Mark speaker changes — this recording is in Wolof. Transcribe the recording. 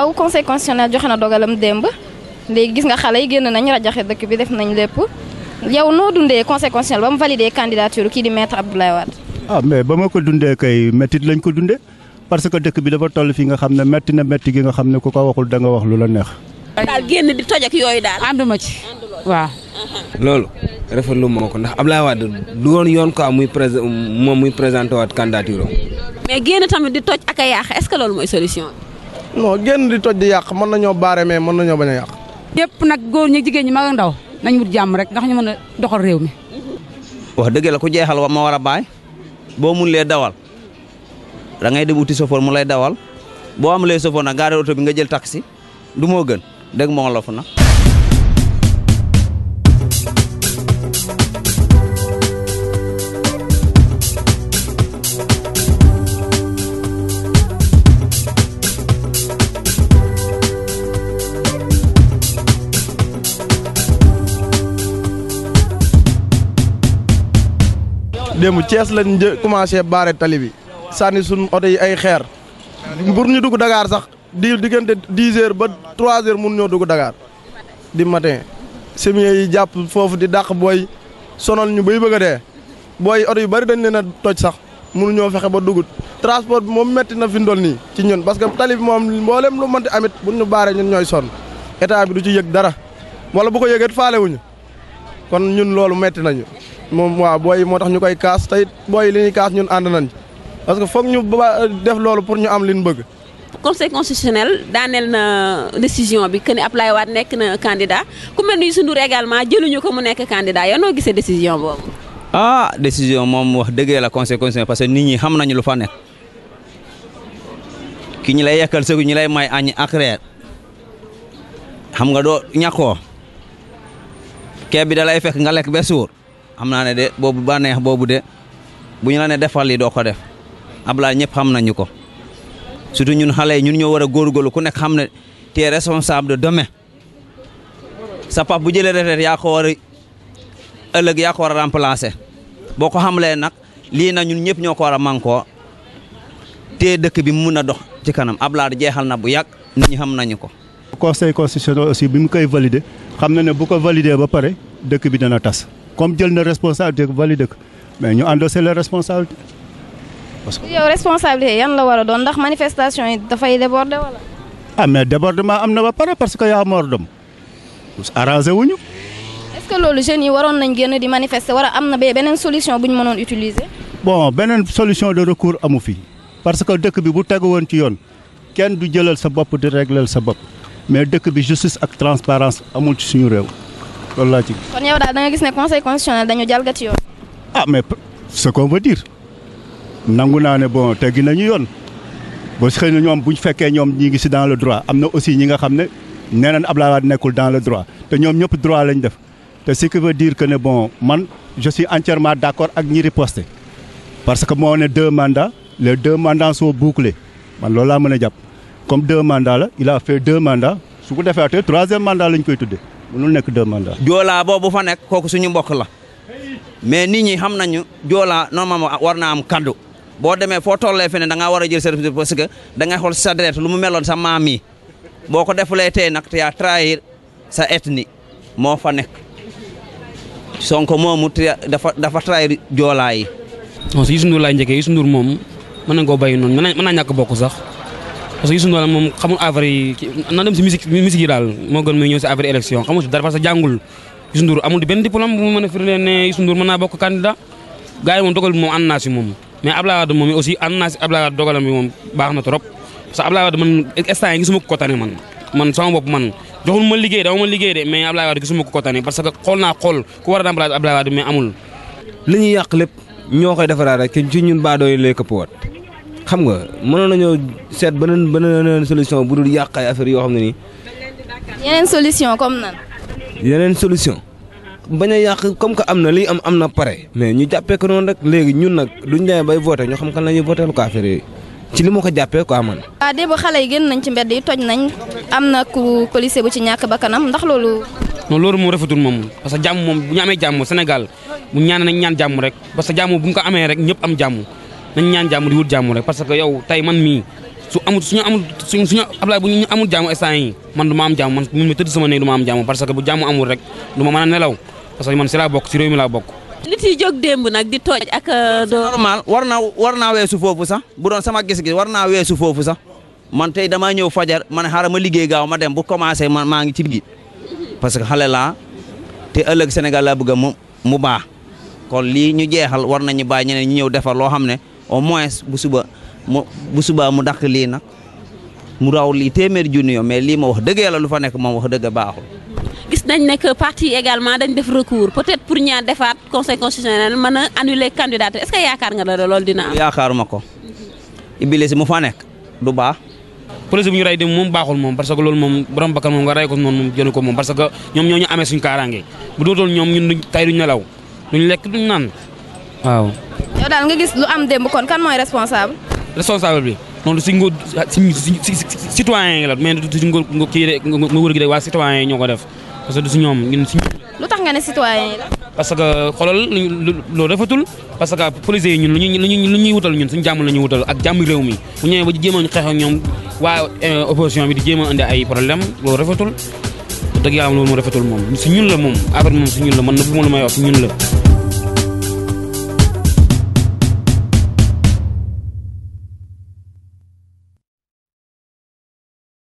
Speaker 1: aw conseil constitutionnel joxe na dogalam démb léegi gis nga xale yi génn nañ rajaxe dëkk bi def nañ lépp yow noo dundee conseil constitutionnel ba mu validé candidature kii di maître Abdoulaye Wade.
Speaker 2: ah mais ba ma ko dundee kay métti lañ ko dundee parce que dëkk bi dafa toll fii nga xam ne métti na métti gi nga xam ne ku ko waxul da nga wax lu la neex.
Speaker 3: daal génn di toj ak yooyu daal. ma ci waaw. loolu rafetlu moo ko ndax Abdoulaye Wade du du woon yoon quoi muy prés moom muy présenté
Speaker 4: waat candidature
Speaker 3: mais génn tamit
Speaker 4: non génn di toj di yak mën nañoo baré mais mën nañoo baña yak yépp nak goor ñi jigéen ñi ma ak ndaw nañ mu jàmm
Speaker 3: rek ndax ñu mëna doxal réew mi.
Speaker 4: wax dëgg la ku jéxal wa ma wara bay bo mu lé dawal da ngay dem uti sofoor mu lay dawal am lé sofoor nak gaare auto bi nga jël taxi du mo gën dégg mo la fu nak démb Thiès lañ jë commencé baare tali bi sànni suñ oto yi ay xeer pour ñu dugg Dakar sax di diggante dix heures ba trois heures mun ñoo dugg dagaar di matin semier yi jàpp foofu di daq booy sonal ñu bay bëgg a dee booy oto yu bari dañ leen a toj sax mun ñoo fexe ba dugg transport bi moom metti na fi ndool nii ci ñun parce que tali bi moom mboolem lu mënti amit bu ñu baare ñun ñooy sonn état bi du ci yëg dara wala bu ko yëgeet faale wuñu kon ñun loolu metti nañu mom wa Boy yi moo tax kaas tay boy yi li ñuy kaas ñun and nañ parce que fokk ñu def loolu pour ñu am liñ bëgg
Speaker 3: conseil constitutionnel danel na décision bi que ni apply wat nek na candidat ku melni ni Ndour également jëluñu ko mu nek candidat yow no gisé décision bob
Speaker 4: ah décision mom wax dëgg la conseil constitutionnel parce que nit ñi xam nañ lu fa nek ki ñi lay yakal segu ñi lay may añ ak reer xam nga do ñako kébi da lay fekk nga lek ba xam naa ne de boobu bànneex boobu de bu ñu la ne defal li doo ko def Ablaye ñëpp xam nañu ko surtout ñun xale yi ñun ñoo war a góorgóorlu ku nekk xam ne te responsable de demain sa pap bu jëlee retraite yaa ko war a ëllëg yaa ko war a remplacer boo ko xamlee nag lii na ñun ñëpp ñoo ko war a mànkoo te dëkk bi mu mun a dox ci kanam Ablaye jeexal na bu yàgg nit ñi xam nañu ko.
Speaker 2: conseil soo aussi bi mu koy valider xam na ne bu ko valider ba pare dëkk bi dana tas. comme jël na responsabilité valide ko mais ñu andossé les responsabilité parce que
Speaker 1: yow responsabilité yan la war a doon ndax manifestation yi dafay débordé wala.
Speaker 2: ah mais débordement am na ba pare parce que y a arrangé wuñu
Speaker 1: est-ce que loolu jeunes yi waroon nañ génn di manifester war a am na beneen solution bu ñu mënoon utiliser.
Speaker 2: bon beneen solution de recours amu fi parce que dëkk bi bu tegu woon ci yoon kenn du jëlal sa bopp di réglal sa bopp mais dëkk bi justice ak transparence amul ci suñu réew loolu laa ci. kon
Speaker 1: yow daal da nga gis ne conseil constitutionnel dañu jalgati yoon.
Speaker 2: ah mais ce qu'on veut dire nangu naa ne bon teggi nañu yoon ba xëy na ñoom bu ñu fekkee ñoom ñi ngi si dans le droit am aussi ñi nga xam ne nee nañ Abdoulaye Wade dans le droit te ñoom ñëpp droit lañ def te ce qui veut dire que ne bon man je suis entièrement d'accord accord ak ñi riposté parce que moo ne deux mandats les deux mandats sont bouclés man lola laa mën a jàpp comme deux mandats la il a fait deux mandats su ko defee troisième mandat lañ koy tuddee. mënul nekk deux mandats
Speaker 4: joolaa boobu fa nekk kooku suñu mbokk la mais nit ñi xam nañu joolaa normalement war am kaddu bo demee foo tollee feneen da ngaa war a jël certificat parce que da ngay xool sa deret lu mu meloon sa maam yi boo ko defulee tey nag trahir sa ethnie mo fa nekk sonko moomu dafa dafa trahir joolaa yi
Speaker 3: non si Youssou Ndour laay njëkkee Youssou Ndour moom mën na koo bàyyi noonu mën sax parce que Youssou Ndour moom xamul affaire na dem ci musique musique dal mo gën muy ñëw ci affaire élection xamul dara parce que jàngul Youssou Ndour amul benn diplôme bu mu mën a firndee ne Youssou Ndour bokk candidat gaay mom dogal mom moom ànd naa mais Ablaye mom moom aussi ànd naa si Ablaye Wade dogalam bi moom baax na trop parce que Ablaye man instant yi gisuma ko tané man man sama bop man joxul ma liggéey dama ma liggéey dé mais Ablaye Wade gisuma ko tané parce que xol na xol ku wara dam remplacer mais amul liñu ñuy lepp ñokay defara rek ci ñun ba yi lay këpp wat xam nga mënoon nañoo seet beneen beneen solution bu du yàq ay affaire yoo xam ne nii.
Speaker 1: yeneen solution comme nan.
Speaker 3: yeneen solution. bañ a yàq comme que am na lii am am na pare. mais ñu jàppee ko noonu rek léegi ñun nag duñ demee bay voté ñu xam kan la ñuy voté ko affaire yooyu ci li ma ko jàppee quoi man.
Speaker 1: waaw ah, xale yi génn nañ ci mbedd yi toj nañ am na ku policier bu ci ñàkk ba kanam ndax loolu.
Speaker 3: non loolu moom rafetul moom parce que jàmm moom bu ñu amee jàmm Sénégal mu ñaan nañ ñaan jàmm rek parce que jàmm bu ñu ko amee rek ñëpp am jàmm nañ ñaan jaamu di wut jaamu rek parce que yow tay man mi su amul suñu amul suñu suñu ablay bu ñu amul jaamu instant yi man jamu am jaamu man mu mi sama neeg duma am jaamu parce que bu jaamu amul rek duma mëna nelaw parce que man si la bok ci réew mi nit
Speaker 4: yi jog demb nak di toj ak euh, do normal warna warna wessu fofu buron sax bu doon sama gis-gis warna wessu fofu sax man tay dama ñew fajar man xaaral ma liggéey gaaw ma dem bu commencé man ma ngi ci bi parce que xale la te ëlëk Sénégal la bëgg mu mu ba kon li ñu jéxal war nañu ñeneen au moins bu suba bu suba mu dak li nak mu raw li témer junni yo mais li ma wax deug yalla lu fa nek mom wax deug baxul
Speaker 3: gis nañ nek parti également dañ def recours peut-être pour ñaan defaat conseil constitutionnel meuna annuler candidat est-ce que yaakar nga la lool dina am
Speaker 4: yaakar mako iblis mu fa nek du baax police bu ñu ray dem mom baaxul mom
Speaker 3: parce que lool mom borom bakkan mom nga ray ko non mom jëne ko mom parce que ñom ñoo ñu amé suñu karangé bu dootul ñom ñun tay duñ nelaw duñ lek duñ nan waaw
Speaker 1: yow daal nga gis lu am démb kon kan mooy responsable.
Speaker 3: responsable bi noonu si nguur si si citoyen yi la mais du si nguur kii gi ko def parce que du si ñoom ñun si.
Speaker 1: lu tax nga ne citoyen
Speaker 3: parce que xoolal loolu rafetul parce que policiers yi ñun lu ñuy wutal ñun suñu jàmm la ñuy wutal ak jàmm réew mi bu ñëwee ba jéem a xeex ak ñoom waa euh, opposition bi di jéem a indi ay problème loolu rafetul dëgg yàlla loolu moo rafetul moom si ñun la moom après moom si ñun la ma
Speaker 2: la may wax si